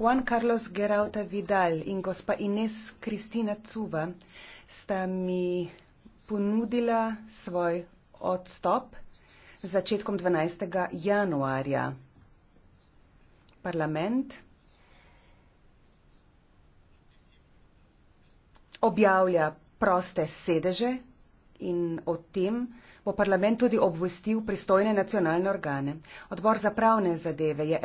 Juan Carlos Gerauta Vidal in gospa Ines Kristina Cuva sta mi ponudila svoj odstop začetkom 12. januarja. Parlament objavlja proste sedeže in o tem bo parlament tudi obvestil pristojne nacionalne organe. Odbor za pravne zadeve je.